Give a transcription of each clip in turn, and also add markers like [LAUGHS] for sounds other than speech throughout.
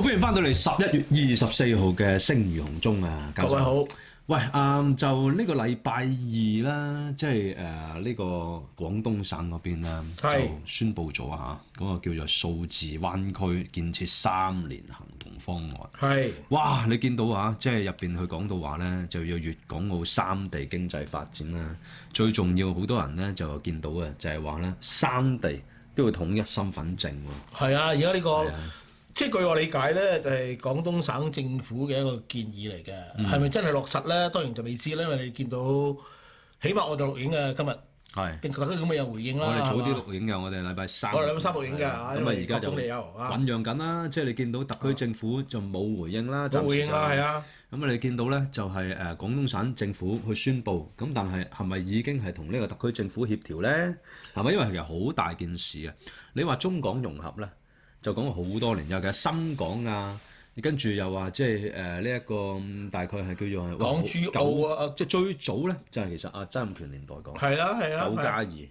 歡迎翻到嚟十一月二十四號嘅《聲如洪鍾》啊！各位好，喂，嗯、就個呢、就是呃這個禮拜二啦，即係誒呢個廣東省嗰邊啦，是就宣布咗吓、啊，嗰、那個叫做數字灣區建設三年行動方案。係是哇，你見到啊，即係入邊佢講到話咧，就要粵港澳三地經濟發展啦、啊。最重要，好多人咧就見到嘅就係話咧，三地都要統一身份證。係啊，而家呢個。即係據我理解咧，就係、是、廣東省政府嘅一個建議嚟嘅，係咪、嗯、真係落實咧？當然就未知啦，因為你見到，起碼我哋錄影啊，今日係，覺得咁嘅有回應啦。我哋早啲錄影嘅，吧我哋禮拜三。我哋禮拜三錄影嘅，咁啊而家就醖釀緊啦。即係你見到特區政府就冇回應啦，就回應啦，係啊。咁啊，你見到咧就係誒廣東省政府去宣布，咁但係係咪已經係同呢個特區政府協調咧？係咪因為其實好大件事啊？你話中港融合咧？就講過好多年，有嘅深港啊，跟住又話即係誒呢一個大概係叫做港珠澳啊，即係最早咧就係其實阿曾蔭權年代講，九加二，2, 的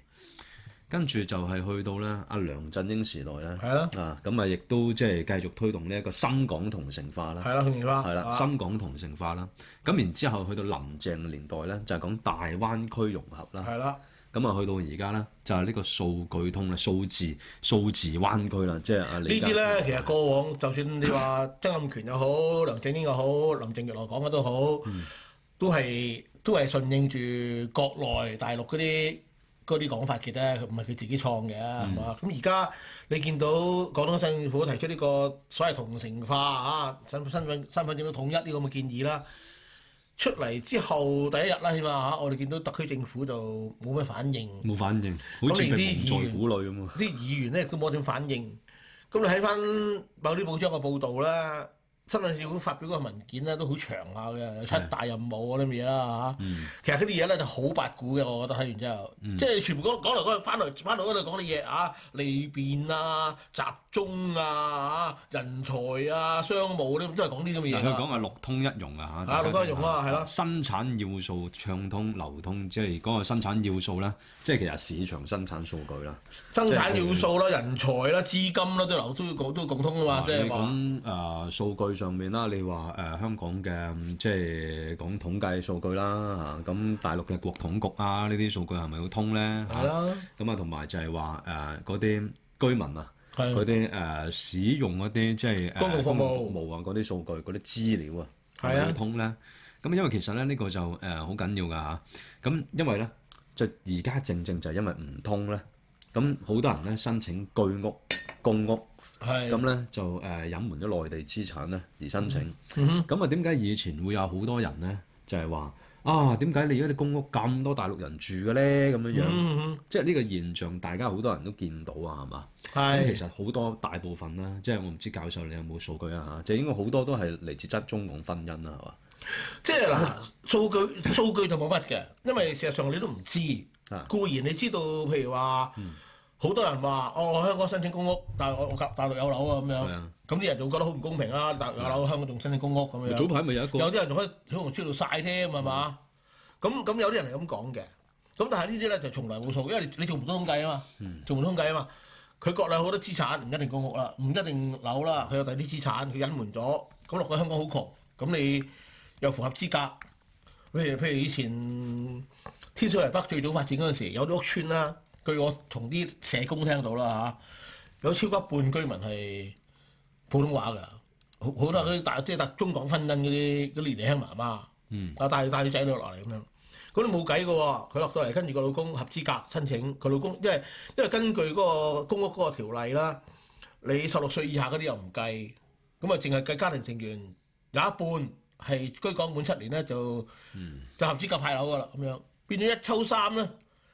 跟住就係去到咧、啊、阿梁振英時代咧，的啊咁啊亦都即係繼續推動呢一個深港同城化啦，係啦，係啦，係啦的，啊、深港同城化啦，咁然後之後去到林鄭嘅年代咧，就係、是、講大灣區融合啦，係啦的。咁啊，去到而家咧，就係、是、呢個數據通啦，數字數字灣區啦，即係啊呢啲咧，其實過往 [LAUGHS] 就算你話曾蔭權又好，梁振英又好，林鄭月娥講嘅都好，嗯、都係都係順應住國內大陸嗰啲啲講法嘅啫，佢唔係佢自己創嘅，係嘛、嗯？咁而家你見到廣東政府提出呢個所謂同城化啊，身身份身份證都統一呢咁嘅建議啦。出嚟之後，第一日啦，起碼嚇，我哋見到特區政府就冇咩反應，冇反應，好靜靜無助無奈咁，啲議員咧都冇點反應，咁你睇翻某啲報章嘅報導啦。新聞事務發表嗰個文件咧都好長效嘅，有七大任務嗰啲嘢啦嚇。其實嗰啲嘢咧就好八股嘅，我覺得睇完之後，即係全部講講嚟講去，翻嚟翻嚟度講啲嘢啊，利便啊、集中啊、人才啊、商務啲咁都係講啲咁嘅嘢。佢講係六通一融啊吓，六通一融啊係咯，生產要素暢通流通，即係講個生產要素咧，即係其實市場生產數據啦，生產要素啦、人才啦、資金啦，即係流都要共都要共通啊嘛，即係話咁啊數據。上面啦，你話誒、呃、香港嘅即係講統計數據啦，咁、啊、大陸嘅國統局啊，呢啲數據係咪好通咧？係啦的。咁啊，同埋就係話誒嗰啲居民啊，嗰啲誒使用一啲即係、呃、公,公共服務啊，嗰啲數據、嗰啲資料啊，係唔通咧？咁的因為其實咧呢、呢個就誒好緊要㗎嚇、啊。咁因為咧，就而家正正就係因為唔通咧，咁好多人咧申請居屋、公屋。咁咧就誒隱瞞咗內地資產咧而申請，咁啊點解以前會有好多人咧就係話啊點解你而家啲公屋咁多大陸人住嘅咧咁樣樣，嗯、哼即係呢個現象大家好多人都見到啊，係嘛？咁的其實好多大部分啦，即係我唔知教授你有冇數據啊嚇，就應該好多都係嚟自側中港婚姻啊，係嘛？即係嗱，數據數據就冇乜嘅，因為事實上你都唔知，固然你知道譬如話。嗯好多人話，我、哦、香港申請公屋，但係我我大陸有樓啊咁樣，咁啲人就覺得好唔公平啦！大陸有樓、啊，香港仲申請公屋咁樣。早排咪有一個，有啲人仲可以喺小紅書度晒添，係嘛、嗯？咁咁有啲人係咁講嘅，咁但係呢啲咧就從來冇數，因為你做唔到通計啊嘛，做唔通計啊嘛。佢國內好多資產，唔一定公屋啦，唔一定樓啦，佢有第啲資產，佢隱瞞咗。咁落去香港好窮，咁你又符合資格？譬如譬如以前天水圍北最早發展嗰陣時，有咗屋村啦。據我從啲社工聽到啦嚇、啊，有超過半居民係普通話嘅，好好多嗰啲大即係特中港婚姻嗰啲嗰年輕媽媽，啊、嗯、帶帶住仔女落嚟咁樣，咁你冇計嘅喎，佢落到嚟跟住個老公合資格申請，佢老公因為因為根據嗰個公屋嗰個條例啦，你十六歲以下嗰啲又唔計，咁啊淨係計家庭成員有一半係居港滿七年咧就、嗯、就合資格派樓嘅啦，咁樣變咗一抽三啦。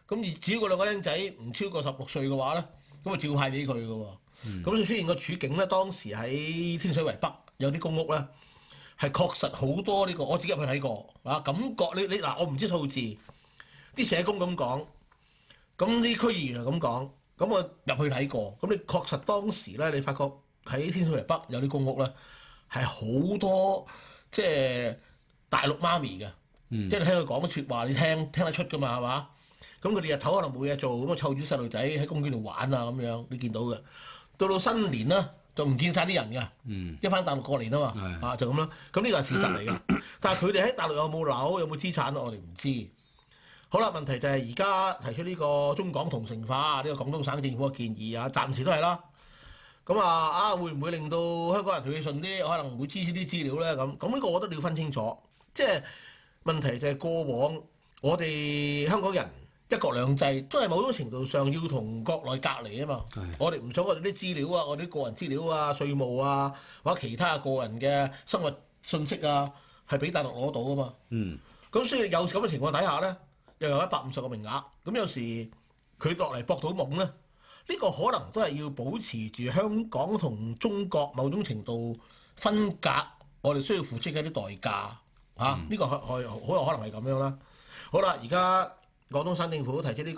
咁而只要個兩個僆仔唔超過十六歲嘅話咧，咁啊照派俾佢嘅喎。咁、嗯、就出現個處境咧，當時喺天水圍北有啲公屋咧，係確實好多呢、這個。我自己入去睇過啊，感覺你你嗱，我唔知數字，啲社工咁講，咁啲區議員係咁講，咁我入去睇過。咁你確實當時咧，你發覺喺天水圍北有啲公屋咧係好多即係大陸媽咪嘅，即係你聽佢講嘅説話，嗯、你聽你聽，聽得出㗎嘛？係嘛？咁佢哋日頭可能冇嘢做，咁啊湊住啲細路仔喺公園度玩啊咁樣，你見到嘅。到到新年啦，就唔見晒啲人嘅，一翻、嗯、大陸過年啊嘛，的啊就咁啦。咁呢個係事實嚟嘅， [COUGHS] 但係佢哋喺大陸有冇樓、有冇資產，我哋唔知。好啦，問題就係而家提出呢個中港同城化呢、呢個廣東省政府嘅建議啊，暫時都係啦。咁啊啊會唔會令到香港人條氣順啲？可能會支持啲資料咧咁。咁呢個我都要分清楚，即係問題就係過往我哋香港人。一國兩制都係某種程度上要同國內隔離啊嘛，的我哋唔想我哋啲資料啊，我哋啲個人資料啊、稅務啊，或者其他個人嘅生活信息啊，係俾大陸攞到啊嘛。嗯，咁所以有咁嘅情況底下咧，又有一百五十個名額，咁有時佢落嚟博到懵咧，呢、呢個可能都係要保持住香港同中國某種程度分隔，我哋需要付出嘅一啲代價、嗯、啊。呢、呢個可可好有可能係咁樣啦。好啦，而家，廣東省政府提出呢、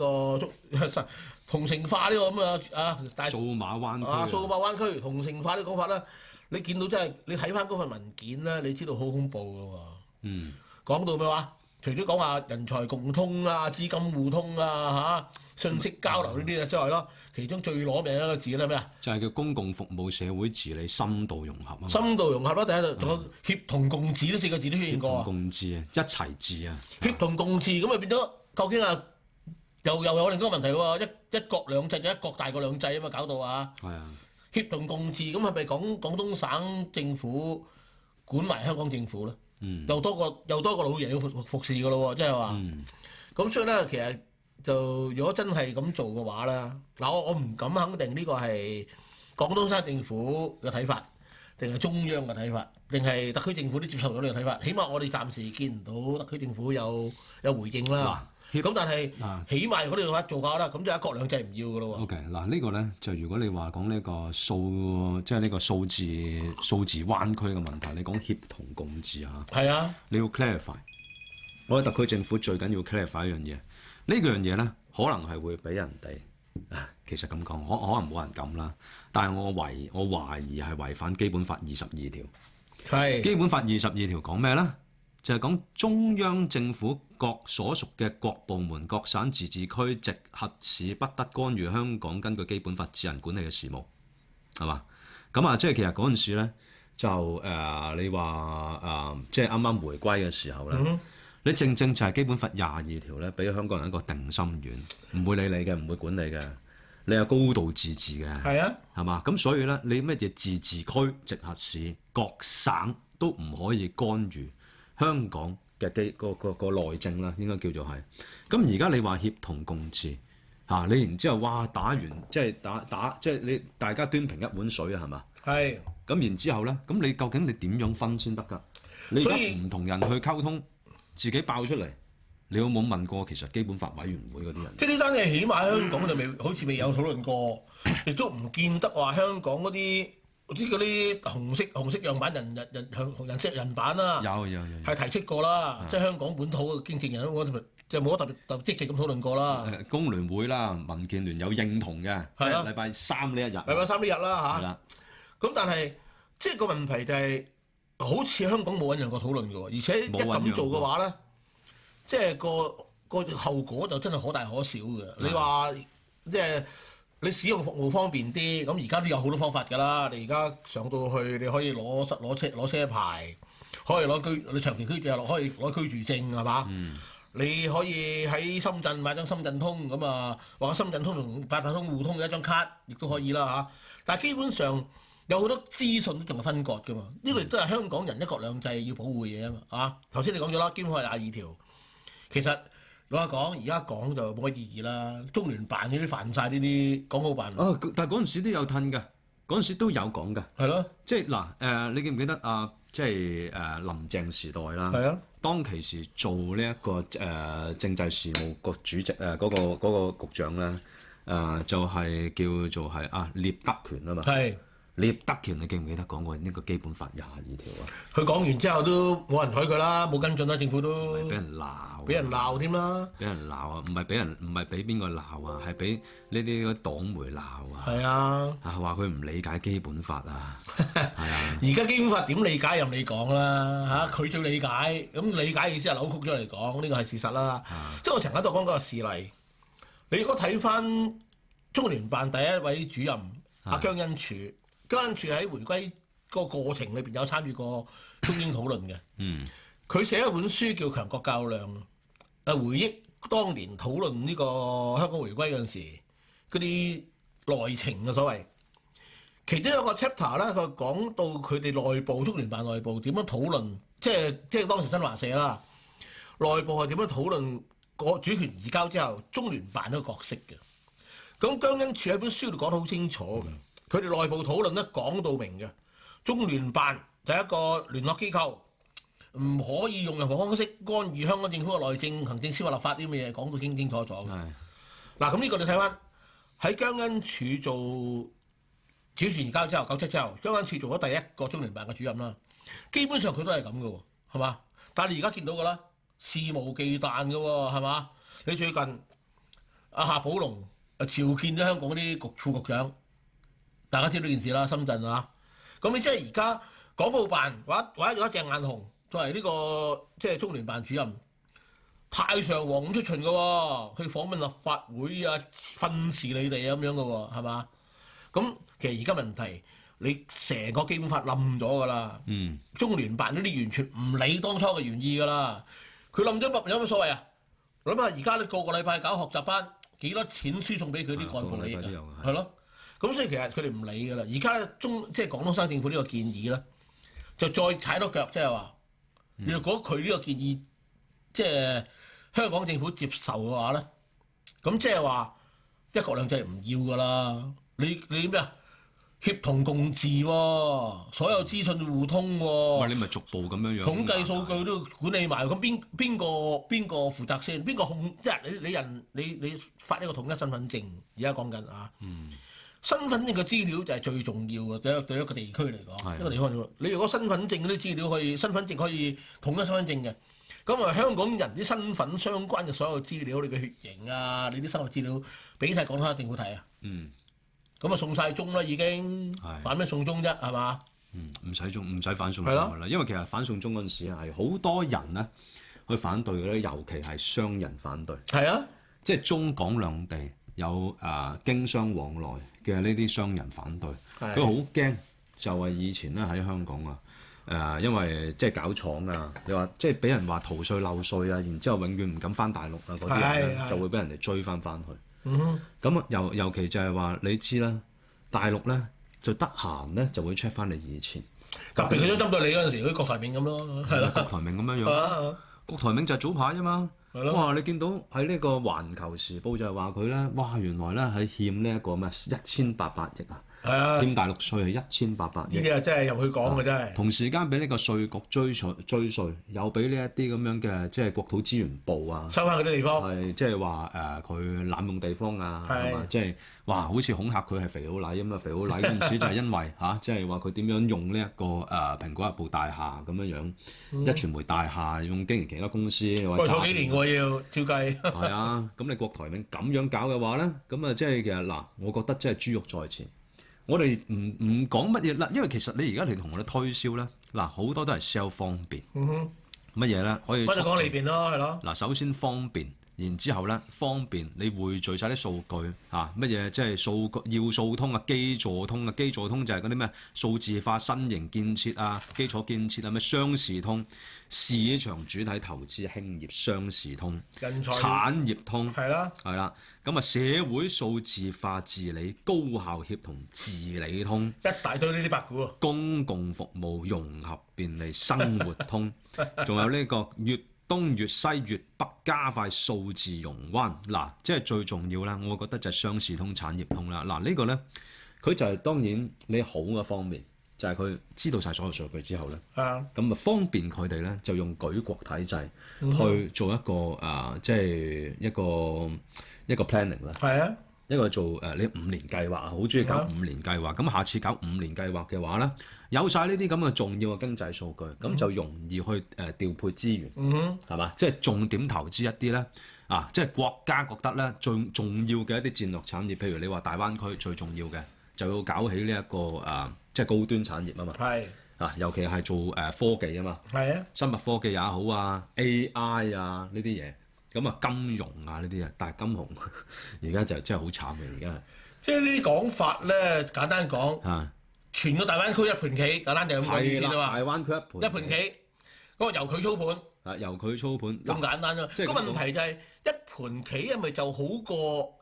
呢個同城化呢、呢個咁啊啊！數碼灣啊，數碼灣區、啊、數碼灣區同城化個呢個講法啦，你見到真係你睇翻嗰份文件啦，你知道好恐怖嘅喎。嗯，講到咩話？除咗講話人才共通啊、資金互通啊、嚇信息交流呢啲咧之外咯，嗯、其中最攞命一個字咧咩啊？就係叫公共服務社會治理深度融合啊！深度融合啦，第一度同、嗯、協同共治呢四個字都出現過啊！共治啊，一齊治啊，協同共治咁啊、嗯、治變咗。究竟啊，又又有另一個問題喎、啊！一一國兩制，就一國大過兩制啊嘛，搞到啊，哎、呀協同共治咁係咪講廣廣東省政府管埋香港政府咧？嗯又，又多個又多個老爺要服服侍噶咯喎！即係話，咁、嗯、所以咧，其實就如果真係咁做嘅話咧，嗱我我唔敢肯定呢個係廣東省政府嘅睇法，定係中央嘅睇法，定係特區政府都接受到呢個睇法。起碼我哋暫時見唔到特區政府有有回應啦。咁但係起碼嗰啲做法啦，咁就一國兩制唔要噶咯喎。OK，嗱、啊這個、呢個咧就如果你話講呢個數，即係呢個數字數字灣區嘅問題，你講協同共治啊。係啊，你要 clarify，嗯、我哋特區政府最緊要 clarify 一樣嘢，呢樣嘢咧可能係會俾人哋，其實咁講可可能冇人敢啦，但係我懷我懷疑係違反基本法二十二條。係。基本法二十二條講咩咧？就係講中央政府各所屬嘅各部門、各省自治區、直轄市不得干預香港根據基本法自行管理嘅事務，係嘛？咁啊，即係其實嗰陣時咧，就誒、呃、你話誒、呃，即係啱啱回歸嘅時候咧，嗯、哼你正正就係基本法廿二條咧，俾香港人一個定心丸，唔會理你嘅，唔會管你嘅，你有高度自治嘅，係啊、嗯哼，係嘛？咁所以咧，你咩嘢自治區、直轄市、各省都唔可以干預。香港嘅嘅、嗰個個個內政啦，應該叫做係。咁而家你話協同共治，嚇、啊、你然之後，哇打完即係打打即係你大家端平一碗水啊，係嘛？係是。咁然之後咧，咁你究竟你點樣分先得㗎？你而家唔同人去溝通，自己爆出嚟，你有冇問過其實基本法委員會嗰啲人？即係呢單嘢，起碼香港就未好似未有討論過，亦 [COUGHS] 都唔見得話香港嗰啲。啲嗰啲紅色紅色樣板人人人向紅色人版啦、啊，有有有，係提出過啦，是的 即係香港本土嘅建設人，我特別就冇特別特別積極咁討論過啦。工聯會啦，民建聯有認同嘅，即係禮拜三呢一日、啊的，禮拜三呢日啦嚇。咁是的、啊、但係即係個問題就係、是，好似香港冇揾人個討論嘅，而且一咁做嘅話咧，即係個個後果就真係可大可小嘅。你話即係。你使用服務方便啲，咁而家都有好多方法㗎啦。你而家上到去，你可以攞攞車攞車牌，可以攞居你長期居住落，可以攞居住證係嘛？嗯、你可以喺深圳買張深圳通，咁啊，或者深圳通同八達通互通嘅一張卡，亦都可以啦嚇、啊。但係基本上有好多資訊都仲係分割㗎嘛。呢、這個亦都係香港人一國兩制要保護嘅嘢啊嘛。嚇，頭先你講咗啦，基本係廿二條，其實。老實講，而家講就冇乜意義啦。中聯辦呢啲犯晒呢啲港澳辦。哦、啊，但係嗰陣時都有吞㗎，嗰陣時都有講㗎。係咯的，即係嗱誒，你記唔記得啊？即係誒、啊、林鄭時代啦，係啊的，當其時做呢、這、一個誒、呃、政制事務局主席誒嗰、呃那個那個局長咧，誒、呃、就係、是、叫做係啊聶德權啊嘛。係。你德權，你記唔記得講過呢個基本法廿二條啊？佢講完之後都冇人睬佢啦，冇跟進啦，政府都俾人鬧，俾人鬧添啦，俾人鬧啊，唔係俾人唔係俾邊個鬧啊，係俾呢啲嗰黨媒鬧啊，係啊，啊話佢唔理解基本法 [LAUGHS] 啊，而家基本法點理解任你講啦嚇，佢最理解咁理解意思係扭曲咗嚟講，呢個係事實啦。啊、即係我成日都講嗰個事例，你如果睇翻中聯辦第一位主任阿姜恩柱。姜恩柱喺回歸個過程裏邊有參與過中英討論嘅，佢寫、 [COUGHS] 嗯、一本書叫《強國較量》，誒回憶當年討論呢個香港回歸嗰陣時嗰啲內情嘅所謂，其中有一個 chapter 咧，佢講到佢哋內部中聯辦內部點樣討論，即係即係當時新華社啦，內部係點樣討論個主權移交之後中聯辦嘅角色嘅，咁姜恩柱喺本書度講得好清楚嘅。嗯佢哋內部討論咧講到明嘅，中聯辦第一個聯絡機構唔可以用任何方式干預香港政府嘅內政、行政、司法、立法啲咩嘢，講到清清楚楚嘅。嗱的，咁呢個你睇翻喺姜恩柱做主權移交之後、九七之後，姜恩柱做咗第一個中聯辦嘅主任啦。基本上佢都係咁嘅喎，係嘛？但係你而家見到嘅啦，肆無忌憚嘅喎，係嘛？你最近阿夏寶龍啊召見咗香港啲局副局長。大家知道件事啦，深圳啊，咁你即係而家港澳辦，或或者鄭雁雄，作為呢個即係中聯辦主任太上皇咁出巡嘅喎，去訪問立法會啊，訓示你哋啊咁樣嘅喎，係嘛？咁其實而家問題，你成個基本法冧咗㗎啦，嗯，中聯辦嗰啲完全唔理當初嘅原意㗎啦，佢冧咗有乜所謂啊？諗下而家你個個禮拜搞學習班，幾多錢輸送俾佢啲幹部嚟㗎？係咯、啊。咁所以其實佢哋唔理㗎啦，而家中即係廣東省政府呢個建議咧，就再踩多腳，即係話，嗯、如果佢呢個建議，即、就、係、是、香港政府接受嘅話咧，咁即係話一國兩制唔要㗎啦，你你咩啊？協同共治喎，所有資訊互通喎。唔係你咪逐步咁樣樣。統計數據都管理埋，咁、嗯、邊邊個邊個負責先？邊個控？即係你你人你你發呢個統一身份證，而家講緊啊。嗯。嗯。身份證嘅資料就係最重要嘅。對一對一個地區嚟講，是的 一個地方、就係、你如果身份證嗰啲資料可以，身份證可以統一身份證嘅，咁啊，香港人啲身份相關嘅所有資料，你嘅血型啊，你啲生活資料，俾晒港台一定好睇啊。嗯。咁啊，送晒中啦，已經。係是的。反咩送中啫？係嘛？嗯，唔使中，唔使反送中。係啦，因為其實反送中嗰陣時係好多人咧去反對嘅咧，尤其係商人反對。係啊。即係中港兩地有誒經商往來。嘅呢啲商人反對，佢好驚，就係、是、以前咧喺香港啊，誒、呃，因為即係搞廠啊，又話即係俾人話逃稅漏稅啊，然之後永遠唔敢翻大陸啊，嗰啲就會俾人哋追翻翻去。咁啊、嗯哼，尤尤其就係話你知啦，大陸咧就得閒咧就會 check 翻你以前，特別佢都針對你嗰陣時，好似郭台銘咁咯，係啦，郭台銘咁樣樣，郭 [LAUGHS] 台銘就係早排啫嘛。哇！你見到喺呢個《環球時報》就係話佢咧，哇！原來咧係欠呢一個咩一千八百億啊！係啊，佔大陸稅係一千八百億。呢啲又真係入去講嘅真係、啊、同時間俾呢個稅局追稅追稅，又俾呢一啲咁樣嘅即係國土資源部啊收翻嗰啲地方係即係話誒佢濫用地方啊，係嘛是？即係、就是、哇，好似恐嚇佢係肥佬黎咁啊！肥佬黎嘅意思就係因為嚇，即係話佢點樣用呢、這、一個誒、呃、蘋果日報大廈咁樣樣、嗯、一傳媒大廈用經營其他公司。喂、呃，頭幾年我要照計係 [LAUGHS] 啊，咁你郭台銘咁樣搞嘅話咧，咁啊，即係其實嗱、啊，我覺得即係豬肉在前。我哋唔唔講乜嘢啦，因為其實你而家嚟同我哋推銷咧，嗱好多都係 sell 方便，嗯哼，乜嘢咧可以？我就講裏邊咯，係咯。嗱，首先方便。然之後咧，方便你匯聚晒啲數據嚇，乜嘢即係數要數通啊，基座通啊，基座通，通，通就係嗰啲咩數字化新型建設啊，基礎建設啊，咩商事通、市場主體投資興業商事通、產業通，係啦的，係啦，咁啊社會數字化治理高效協同治理通，一大堆呢啲八股啊，公共服務融合便利生活通，仲 [LAUGHS] 有呢、呢個月。東粵西粵北加快數字融灣，嗱，即係最重要咧。我覺得就係商事通產業通啦。嗱，這個、呢個咧，佢就係當然你好嘅方面，就係、是、佢知道晒所有數據之後咧，咁咪、嗯、方便佢哋咧就用舉國體制去做一個啊、嗯呃，即係一個一個 planning 啦、嗯。係啊、嗯。一個做誒、呃，你五年計劃啊，好中意搞五年計劃。咁、嗯、下次搞五年計劃嘅話呢，有晒呢啲咁嘅重要嘅經濟數據，咁、嗯、就容易去誒、呃、調配資源，係嘛、嗯嗯？即係重點投資一啲呢，啊！即係國家覺得呢最重要嘅一啲戰略產業，譬如你話大灣區最重要嘅，就要搞起呢、這、一個啊、呃，即係高端產業啊嘛。係是啊，尤其係做誒、呃、科技啊嘛。係啊的，生物科技也好啊，AI 啊呢啲嘢。咁啊，金融啊呢啲啊，但係金融而家就真係好慘嘅，而家。即係呢啲講法咧，簡單講，啊的，全個大灣區一盤棋，簡單就係咁嘅意思。大灣區一盤棋一盤棋，嗰個的由佢操盤。啊，由佢操盤。咁簡單啫。個、就係、問題就係、係、一盤棋係咪就好過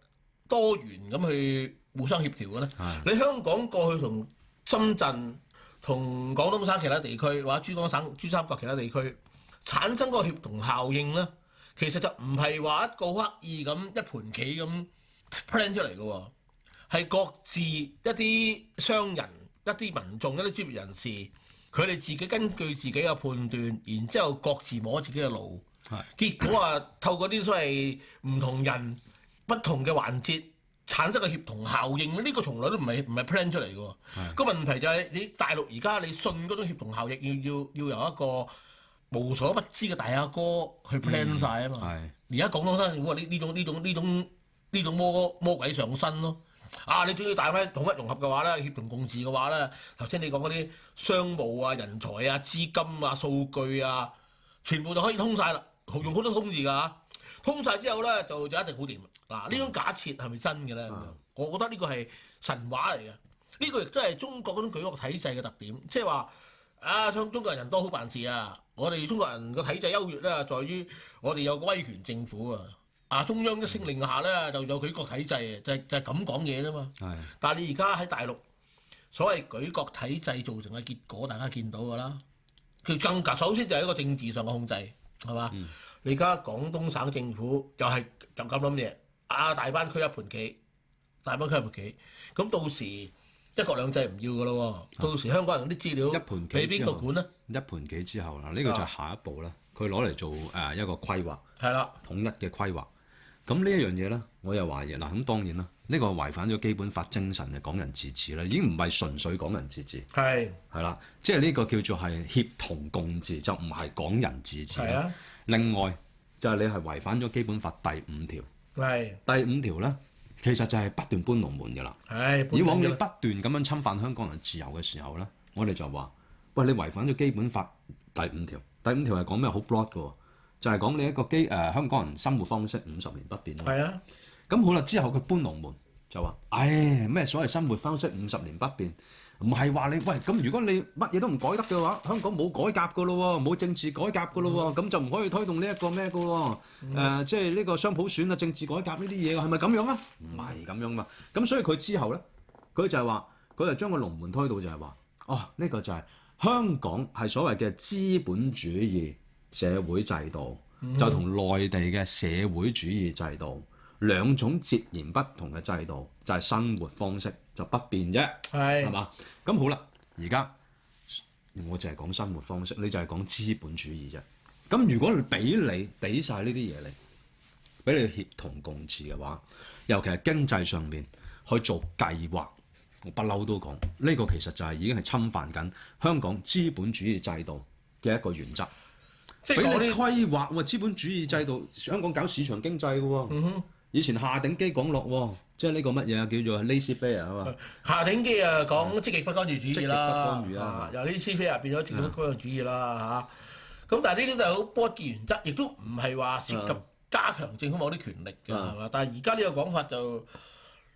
多元咁去互相協調嘅咧？的你香港過去同深圳、同廣東省其他地區，或者珠江省珠三角其他地區產生嗰個協同效應咧？其實就唔係話一個刻意咁一盤棋咁 plan 出嚟嘅喎，係各自一啲商人、一啲民眾、一啲專業人士，佢哋自己根據自己嘅判斷，然之後各自摸自己嘅路。係，結果啊，透過啲所謂唔同人、不同嘅環節產生嘅協同效應，呢個從來都唔係唔係 plan 出嚟嘅喎。係，個問題就係你大陸而家你信嗰種協同效應，要要要有一個。無所不知嘅大阿哥去 plan 晒啊嘛！而家、嗯、廣東新聞呢？呢種呢種呢種呢種魔魔鬼上身咯、哦、啊！你只要帶翻統一融合嘅話咧，協同共治嘅話咧，頭先你講嗰啲商務啊、人才啊、資金啊、數據啊，全部就可以通晒啦。用好多通字㗎嚇、啊，通晒之後咧就就一定好掂。嗱、啊，呢種假設係咪真嘅咧？嗯、我覺得呢個係神話嚟嘅。呢、呢個亦都係中國嗰種舉國體制嘅特點，即係話啊，中國人人多好辦事啊！我哋中國人個體制優越咧，在於我哋有個威權政府啊！啊，中央一聲令下咧，就有舉國體制，就係、就咁講嘢啫嘛。係的，但係你而家喺大陸所謂舉國體制造成嘅結果，大家見到㗎啦。佢更加首先就係一個政治上嘅控制，係嘛？你而家廣東省政府又係就咁諗嘢啊！大灣區一盤棋，大灣區一盤棋，咁到時。一國兩制唔要嘅咯，到時香港人啲資料俾邊個管呢？一盤棋之後啦，呢、呢個就下一步啦。佢攞嚟做誒一個規劃，係啦的，統一嘅規劃。咁呢一樣嘢咧，我又懷疑嗱，咁當然啦，呢、呢個違反咗基本法精神嘅港人自治啦，已經唔係純粹港人自治，係係啦，即係呢個叫做係協同共治，就唔係港人自治。係的，另外就係、是、你係違反咗基本法第五條，係的第五條咧。其實就係不斷搬龍門㗎喇。係。以往你不斷咁樣侵犯香港人自由嘅時候咧，我哋就話：喂，你違反咗基本法第五條。第五條係講咩？好 Broad 嘅，就係、是、講你一個基誒、呃、香港人生活方式五十年不變。係啊。咁好啦，之後佢搬龍門就話：唉、哎，咩所謂生活方式五十年不變？唔係話你喂咁，如果你乜嘢都唔改得嘅話，香港冇改革噶咯喎，冇政治改革噶咯喎，咁、嗯、就唔可以推動呢一個咩噶喎？誒，即係呢個商普選啊、政治改革呢啲嘢，係咪咁樣啊？唔係咁樣嘛。咁所以佢之後咧，佢就係話，佢就將個龍門推到就係話，哦，呢、這個就係香港係所謂嘅資本主義社會制度，嗯、就同內地嘅社會主義制度兩種截然不同嘅制度，就係、是、生活方式。就不變啫，係嘛是？咁好啦，而家我淨係講生活方式，你就係講資本主義啫。咁如果俾你俾晒呢啲嘢嚟俾你協同共治嘅話，尤其係經濟上面去做計劃，我不嬲都講呢、這個其實就係、是、已經係侵犯緊香港資本主義制度嘅一個原則。即係俾啲規劃喎，資本主義制度，香港搞市場經濟嘅喎、哦，嗯、哼以前夏鼎基講落喎。即係呢個乜嘢啊？叫做 lazy fair 啊嘛，夏鼎基啊講積極不干預主義啦，由 lazy fair 變咗積極不干預，吧預主義啦嚇。咁吧但係呢啲都係好博弈原則，亦都唔係話涉及加強政府某啲權力㗎係嘛？但係而家呢個講法就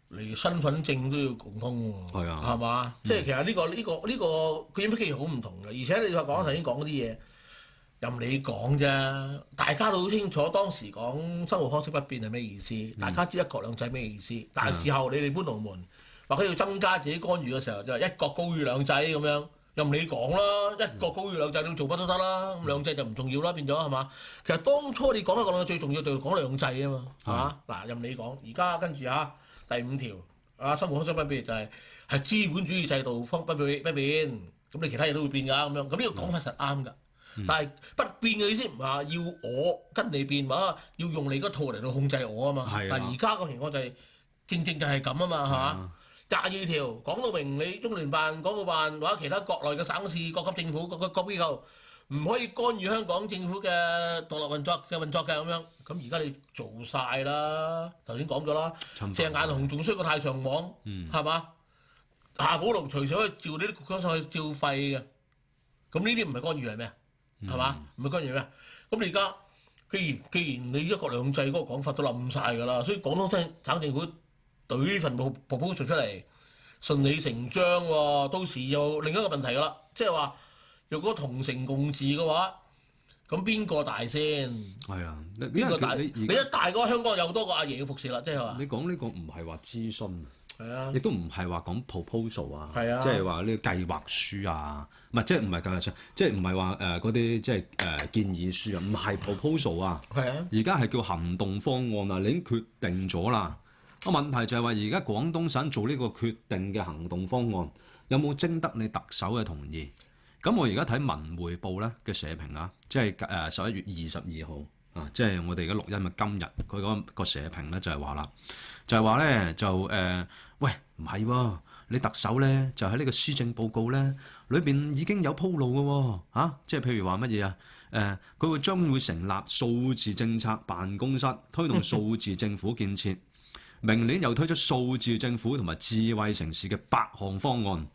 連身份證都要共通喎，係啊，係嘛？即係其實呢、呢個呢、呢個呢、呢個佢根本其實好唔同㗎，而且你話講頭先講嗰啲嘢。任你講啫，大家都好清楚當時講生活方式不變係咩意思，嗯、大家知一國兩制咩意思。但係事後你哋搬龍門，或者要增加自己干預嘅時候，就係、是、一國高於兩制咁樣，任你講啦，一國高於兩制，你做乜都得啦，咁兩制就唔重要啦，變咗係嘛？其實當初你講一國最重要就係講兩制啊嘛嚇嗱，嗯、任你講。而家跟住啊，第五條啊，生活方式不變就係、是、係資本主義制度方不變，咁你其他嘢都會變㗎咁樣。咁呢個講法實啱㗎。但係不變嘅意思唔係話要我跟你變，話要用你嗰套嚟到控制我啊嘛。係啊。但係而家個情況就係正正就係咁啊嘛，係嘛？廿二條講到明，你中聯辦、港澳辦或者其他國內嘅省市、各級政府、各個各機構唔可以干預香港政府嘅獨立運作嘅運作嘅咁樣。咁而家你做曬啦，頭先講咗啦。陳。鄭雁雄仲衰過太上皇，係嘛？夏寶龍隨時照呢啲，佢照肺嘅。咁呢啲唔係干預係咩？係嘛？唔係關於咩？咁你而家既然既然你一國兩制嗰個講法都冧晒㗎啦，所以廣東省省政府懟呢份報告出嚟，順理成章喎。到時又另一個問題㗎啦，即係話若果同城共治嘅話，咁邊個大先？係啊，邊個大，你一大個香港有多個阿爺要服侍啦，即係話，你講呢個唔係話諮詢。係啊，亦都唔係話講 proposal 啊，即係話呢個計劃書啊，唔係即係唔係計劃書，即係唔係話誒嗰啲即係誒建議書啊，唔係 proposal 啊，係啊，而家係叫行動方案啊，你已經決定咗啦。個問題就係話，而家廣東省做呢個決定嘅行動方案，有冇徵得你特首嘅同意？咁我而家睇文匯報咧嘅社評啊，即係誒十一月二十二號啊，即係我哋而家錄音嘅今日，佢講個社評咧就係話啦，就係話咧就誒。呃喂，唔係喎，你特首呢，就喺、是、呢個施政報告呢裏邊已經有鋪路嘅喎、啊，嚇、啊，即係譬如話乜嘢啊？誒、呃，佢會將會成立數字政策辦公室，推動數字政府建設。 [LAUGHS] 明年又推出數字政府同埋智慧城市嘅八項方案。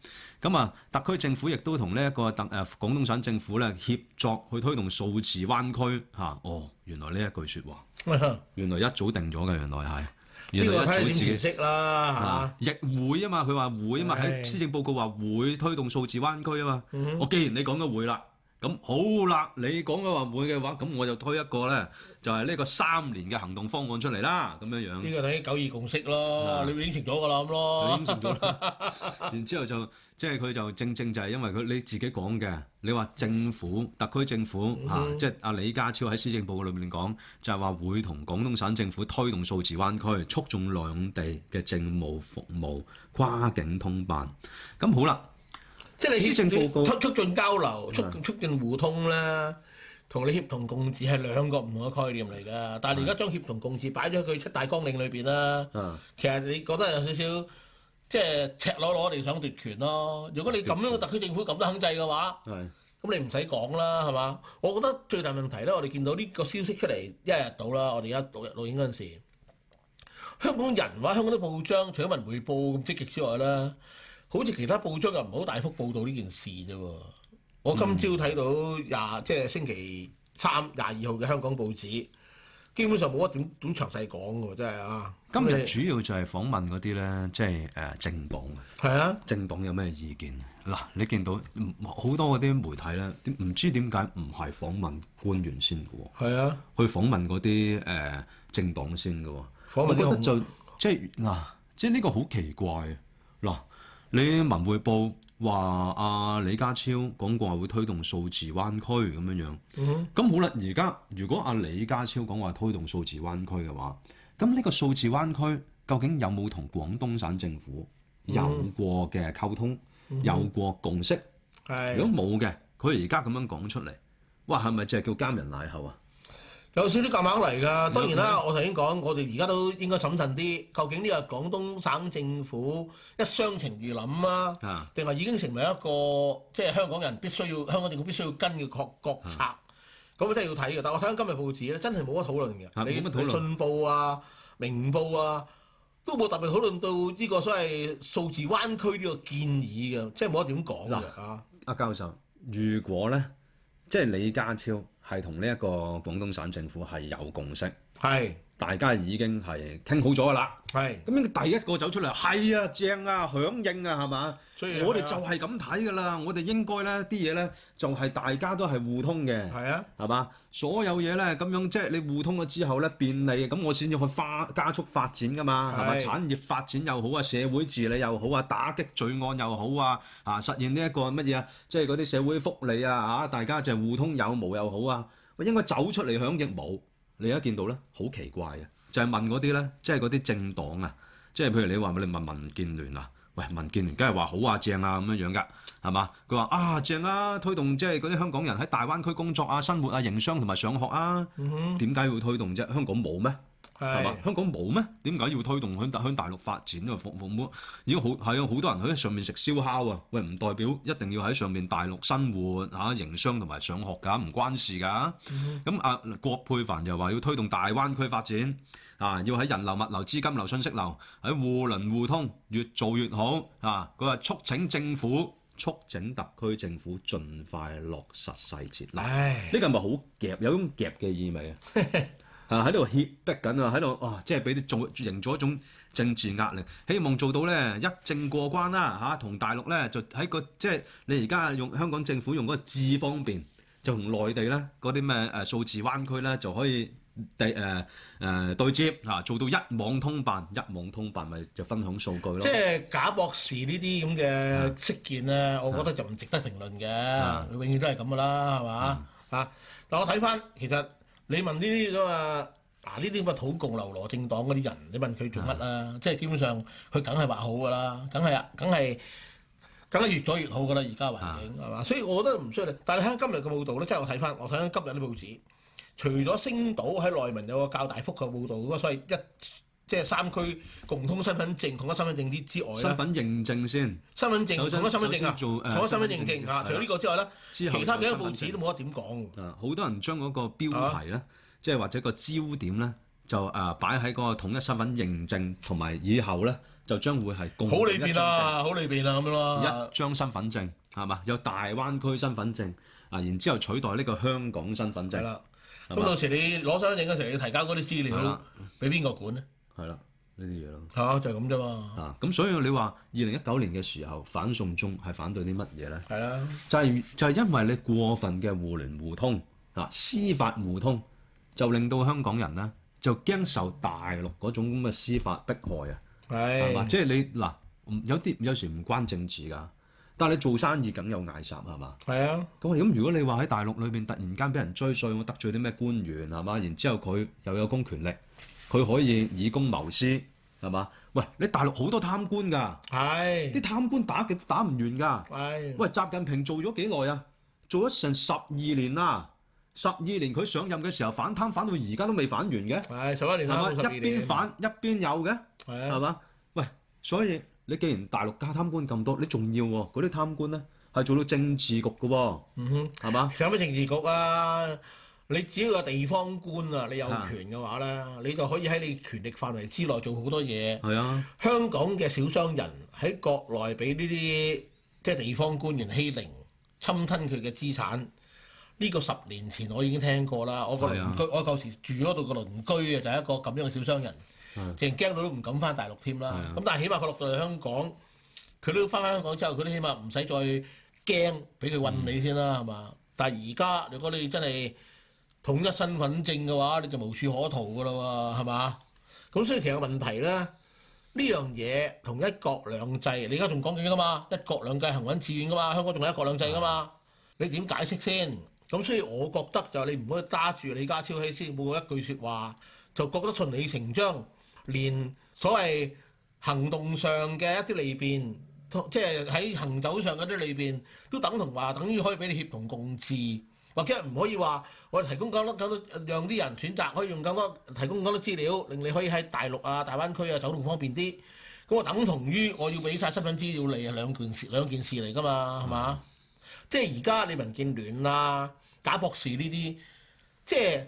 咁啊，特區政府亦都同呢一個特誒、呃、廣東省政府呢協作去推動數字灣區吓、啊，哦，原來呢一句説話，原來一早定咗嘅，原來係。呢個睇嚟你唔識啦，嚇！亦吧會啊嘛，佢話會啊嘛，喺是施政報告話會推動數字灣區啊嘛。嗯、哼我既然你講嘅會啦。咁好啦，你講嘅話會嘅話，咁我就推一個咧，就係、是、呢個三年嘅行動方案出嚟啦，咁樣樣。呢個等於九二共識咯，你完成咗噶啦咁咯。完成咗啦。然之後就即係佢就正正就係因為佢你自己講嘅，你話政府、特區政府、嗯、哼啊，即係阿李家超喺施政報告裏面講，就係、是、話會同廣東省政府推動數字灣區，促進兩地嘅政務服務跨境通辦。咁好啦。即係你推動促促進交流、促促的進互通啦，同你協同共治係兩個唔同嘅概念嚟㗎。但係你而家將協同共治擺咗喺佢七大綱領裏邊啦，的其實你覺得有少少即係赤裸裸地想奪權咯。如果你咁樣嘅特區政府咁都肯制嘅話，咁的你唔使講啦，係嘛？我覺得最大問題咧，我哋見到呢個消息出嚟一日到啦。我哋而家錄影嗰陣時，香港人話香港啲報章除咗文匯報咁積極之外啦。好似其他報章又唔好大幅報導呢件事啫。我今朝睇到廿、嗯、即係星期三廿二號嘅香港報紙，基本上冇一點點詳細講嘅喎，真係啊。今日主要就係訪問嗰啲咧，即係誒政黨嘅，係、呃、啊，政黨、、啊、政黨有咩意見嗱、啊？你見到好多嗰啲媒體咧，唔知點解唔係訪問官員先嘅喎，係啊，去訪問嗰啲誒政黨先嘅喎。訪問啲我覺得就即係嗱，即係呢、啊、個好奇怪嗱。啊。你文匯報話阿李家超講話會推動數字灣區咁樣樣，咁、嗯、哼好啦。而家如果阿李家超講話推動數字灣區嘅話，咁呢個數字灣區究竟有冇同廣東省政府有過嘅溝通，嗯、哼有過共識？嗯、哼如果冇嘅，佢而家咁樣講出嚟，哇，係咪就係叫監人賴厚啊？有少少夾硬嚟㗎，當然啦。我頭先講，我哋而家都應該審慎啲，究竟呢個廣東省政府一廂情願諗啊，定係、啊、已經成為一個即係香港人必須要，香港政府必須要跟嘅國國策？咁啊，真係要睇嘅。但我睇緊今日報紙咧，真係冇得討論嘅。你、啊、你《信報》啊，《明報》啊，都冇特別討論到呢個所謂數字灣區呢個建議嘅，即係冇得點講㗎。阿、啊、教授，如果咧，即係李家超。係同呢一個廣東省政府係有共識。係。大家已經係傾好咗嘅啦，係咁應該第一個走出嚟係啊正啊響應啊係嘛？所以我哋就係咁睇嘅啦，的我哋應該咧啲嘢咧就係、是、大家都係互通嘅，係啊的，係嘛？所有嘢咧咁樣即係你互通咗之後咧便利，咁我先要去發加速發展㗎嘛，係咪的？產業發展又好啊，社會治理又好啊，打擊罪案又好啊，啊，實現呢一個乜嘢啊？即係嗰啲社會福利啊嚇、啊，大家就係互通有無又好啊，我應該走出嚟響應冇。你而家見到咧，好奇怪嘅，就係、是、問嗰啲咧，即係嗰啲政黨啊，即係譬如你話咪，你問民建聯啊，喂，民建聯梗係話好話、啊、正啊，咁樣樣噶，係嘛？佢話啊，正啊，推動即係嗰啲香港人喺大灣區工作啊、生活啊、營商同埋上學啊，哼，點解會推動啫？香港冇咩？係香港冇咩？點解要推動向向大陸發展？因為服房屋已經好係啊，好多人喺上面食燒烤啊。喂，唔代表一定要喺上面大陸生活嚇、啊、營商同埋上學㗎，唔關事㗎。咁、嗯、哼啊，郭佩凡又話要推動大灣區發展啊，要喺人流、物流、資金流、信息流喺互聯互通，越做越好啊。佢話促請政府促請特區政府盡快落實細節。唉，呢個係咪好夾有種夾嘅意味啊？ [LAUGHS] 啊！喺度脅逼緊啊！喺度哦，即係俾啲做營造一種政治壓力，希望做到咧一政過關啦嚇，同、啊、大陸咧就喺個即係你而家用香港政府用嗰個智方便，就同內地咧嗰啲咩誒數字灣區咧就可以第誒誒對接嚇，做到一網通辦一網通辦咪就分享數據咯。即係假博士呢啲咁嘅識見咧，啊、我覺得就唔值得評論嘅，佢、啊啊、永遠都係咁噶啦，係嘛啊？但我睇翻其實。你問呢啲咁啊，嗱呢啲咁嘅土共流羅政黨嗰啲人，你問佢做乜啦、啊？ [MUSIC] 即係基本上佢梗係話好噶啦，梗係啊，梗係梗係越做越好噶啦，而家環境係嘛？ [MUSIC] 所以我覺得唔需要。你。但係睇今日嘅報道咧，即係我睇翻，我睇緊今日啲報紙，除咗星島喺內文有個較大幅嘅報導，咁、那個、所以一。即係三區共通身份證，同一身份證啲之外咧，身份認證先，身份證統一身份證啊，統一身份認證啊。除咗呢個之外咧，其他幾個報紙都冇得點講。好多人將嗰個標題咧，即係或者個焦點咧，就啊擺喺嗰個統一身份認證，同埋以後咧就將會係共。好利便啦，好利便啦咁樣咯。一張身份證係嘛，有大灣區身份證啊，然之後取代呢個香港身份證。係啦，咁到時你攞身份證嘅時候要提交嗰啲資料，俾邊個管咧？係啦，呢啲嘢咯。係就係咁啫嘛。啊，咁、就是啊啊、所以你話二零一九年嘅時候反送中係反對啲乜嘢咧？係啦、啊就是，就係就係因為你過分嘅互聯互通啊，司法互通就令到香港人咧就驚受大陸嗰種咁嘅司法迫害啊。係，係、就、嘛、是？即係你嗱，有啲有時唔關政治㗎，但係你做生意梗有捱襲係嘛？係啊。咁咁如果你話喺大陸裏邊突然間俾人追稅，我得罪啲咩官員係嘛？然之後佢又有公權力。佢可以以公謀私，係嘛？喂，你大陸好多貪官㗎，係啲的貪官打極都打唔完㗎，係的喂，習近平做咗幾耐啊？做咗成十二年啦，十二年佢上任嘅時候反貪反到而家都未反完嘅，係十一年啦，係嘛？一邊反一邊有嘅，係啊的，係嘛的？喂，所以你既然大陸加貪官咁多，你仲要喎？嗰啲貪官咧係做到政治局嘅喎，嗯哼，係嘛？上咗政治局啊！你只要有地方官啊，你有權嘅話咧，是啊、你就可以喺你權力範圍之內做好多嘢。係是啊，香港嘅小商人喺國內俾呢啲即係地方官員欺凌、侵吞佢嘅資產。呢個十年前我已經聽過啦，我個鄰居，是啊、我舊時住嗰度嘅鄰居啊，就係一個咁樣嘅小商人，淨驚到都唔敢翻大陸添啦。咁是、啊、但係起碼佢落到嚟香港，佢都翻香港之後，佢都起碼唔使再驚俾佢韞你先啦，係嘛是、啊？但係而家如果你真係，統一身份證嘅話，你就無處可逃噶啦喎，係嘛？咁所以其實個問題咧，呢樣嘢同一國兩制，你而家仲講緊噶嘛？一國兩制行穩致遠噶嘛？香港仲係一國兩制噶嘛？你點解釋先？咁所以我覺得就你唔好揸住李家超啲先，冇一句説話就覺得順理成章，連所謂行動上嘅一啲利便，即係喺行走上嗰啲利便，都等同話等於可以俾你協同共治。或者唔可以話我哋提供更多更多讓啲人選擇，可以用更多，提供更多資料，令你可以喺大陸啊、大灣區啊走動方便啲，咁我等同於我要俾晒身份資料你啊？兩件事，兩件事嚟㗎嘛，係嘛？嗯、即係而家你民建聯啊、假博士呢啲，即係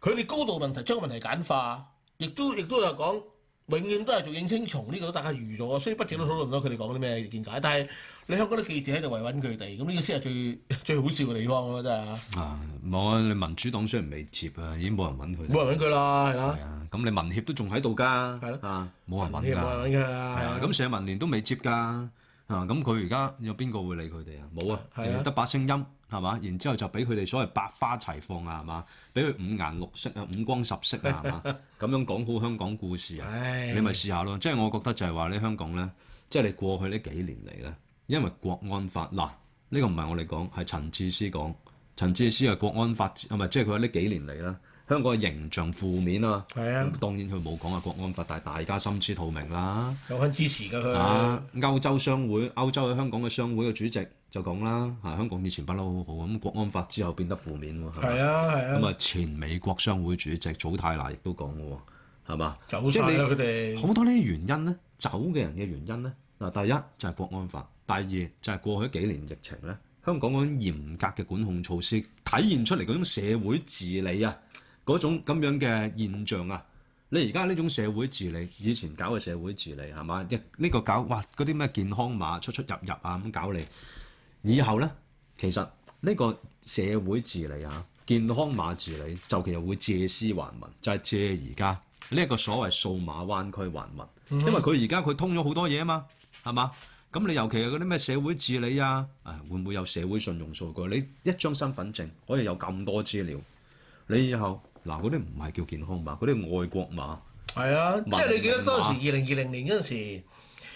佢哋高度問題，將個問題簡化，亦都亦都係講。永遠都係做應聲蟲，呢、這個都大家預咗，所以不斷都討論咗佢哋講啲咩見解。但係你香港啲記者喺度維穩佢哋，咁呢個先係最最好笑嘅地方我覺得啊！啊，冇啊！你民主黨雖然未接啊，已經冇人揾佢。冇人揾佢啦，係啦。係啊，咁、啊、你民協都仲喺度㗎。係咯，冇人揾㗎。冇人揾㗎。係啊，咁社民聯都未接㗎。啊，咁佢而家有邊個會理佢哋啊？冇啊，得把、啊啊啊、聲音。係嘛？然之後就俾佢哋所謂百花齊放啊，係嘛？俾佢五顏六色啊，五光十色啊，係嘛？咁 [LAUGHS] 樣講好香港故事啊， [LAUGHS] 你咪試下咯。即係我覺得就係話咧，香港咧，即係你過去呢幾年嚟咧，因為國安法嗱，呢、這個唔係我哋講，係陳智思講。陳智思啊，國安法啊，係咪？即係佢喺呢幾年嚟啦。香港嘅形象負面啊，係啊，當然佢冇講啊《國安法》，但係大家心知肚明啦。有份支持㗎佢。啊，歐洲商會、歐洲嘅香港嘅商會嘅主席就講啦，嚇香港以前不嬲好好，咁《國安法》之後變得負面喎。係啊，係啊。咁吧啊，前美國商會主席祖泰娜亦都講嘅喎，係嘛？走曬啦佢哋。好們多呢啲原因咧，走嘅人嘅原因咧，嗱，第一就係、是《國安法》，第二就係、是、過去幾年疫情咧，香港嗰種嚴格嘅管控措施體現出嚟嗰種社會治理啊。嗰種咁樣嘅現象啊！你而家呢種社會治理，以前搞嘅社會治理係嘛？一呢個搞哇，嗰啲咩健康碼出出入入啊咁搞你。以後呢，其實呢個社會治理啊，健康碼治理就其實會借屍還民，就係、係、借而家呢一個所謂數碼灣區還民。嗯、因為佢而家佢通咗好多嘢啊嘛，係嘛？咁你尤其係嗰啲咩社會治理啊，啊、哎、會唔會有社會信用數據？你一張身份證可以有咁多資料，你以後。嗱，嗰啲唔係叫健康碼，嗰啲外國碼。係啊，即係你記得當時二零二零年嗰陣時，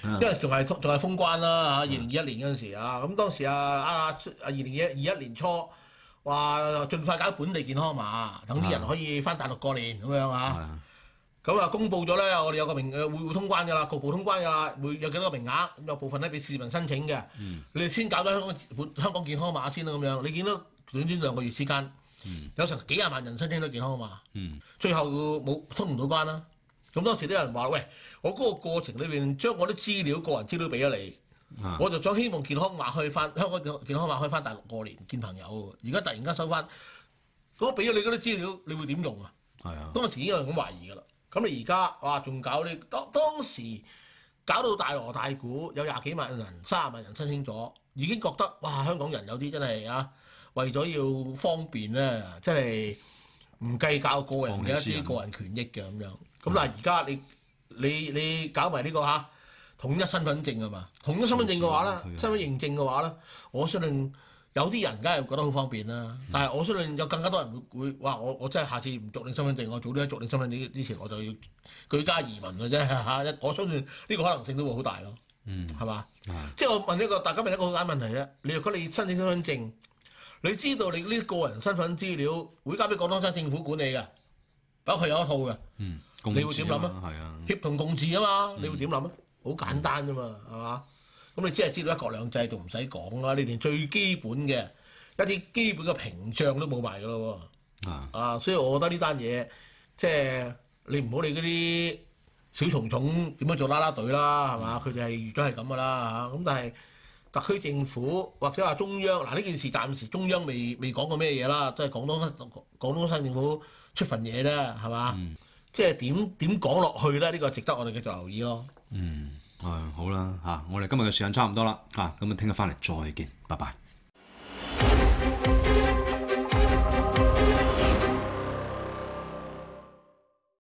因為仲係仲係封關啦吓，二零二一年嗰陣時啊，咁當時啊啊啊二零二一二一年初話盡快搞本地健康碼，等啲人可以翻大陸過年咁樣啊。咁啊，公佈咗咧，我哋有個名會會通關噶啦，局部通關噶啦，會有幾多個名額，咁有，有部分咧俾市民申請嘅。啊、你哋先搞咗香港本香港健康碼先啦，咁樣你見到短短兩個月之間。 [NOISE] 有成幾廿萬人申請咗健康碼嘛？ [NOISE] 最後冇通唔到關啦。咁當時都有人話：喂，我嗰個過程裏邊將我啲資料、個人資料俾咗你， [NOISE] 我就想希望健康碼去翻香港，健康碼去翻大陸過年見朋友。而家突然間收翻，如果俾咗你嗰啲資料，你會點用啊？係啊！ [NOISE] 當時已經有人咁懷疑噶啦。咁你而家哇，仲搞你，當當時搞到大鑼大鼓，有廿幾萬人、三十萬人申請咗，已經覺得哇，香港人有啲真係啊！為咗要方便咧，即係唔計較個人嘅一啲個人權益嘅咁樣。咁嗱、嗯，而家你你你搞埋呢、呢個嚇統一身份證啊嘛，統一身份證嘅話咧，嗯、身份認證嘅話咧，嗯、我相信有啲人梗係覺得好方便啦。但係我相信有更加多人會會，哇！我我真係下次唔續領身份證，我早啲續領身份證之前我就要舉家移民嘅啫嚇。我相信呢個可能性都會好大咯，係嘛？即係我問呢個，大家問一個簡單問題啫。你如果你申請身份證，你知道你呢個人身份資料會交俾廣東省政府管理嘅，包括有一套嘅，嗯，共治，你會點諗啊？的協同共治啊嘛，嗯、你會點諗啊？好簡單啫嘛，係嘛、嗯？咁你只係知道一國兩制就唔使講啦，你連最基本嘅一啲基本嘅屏障都冇埋㗎咯喎，嗯、啊，所以我覺得呢單嘢即係你唔好理嗰啲小蟲蟲點樣做啦啦隊啦，係嘛？佢哋係預咗係咁㗎啦咁但係。特區政府或者話中央，嗱，呢件事暫時中央未未講過咩嘢啦，即係廣東廣東省政府出份嘢啫，係嘛？嗯、即係點點講落去咧？呢個值得我哋繼續留意咯。嗯，誒好啦，嚇，我哋今日嘅時間差唔多啦，嚇，咁啊，聽日翻嚟再見，拜拜。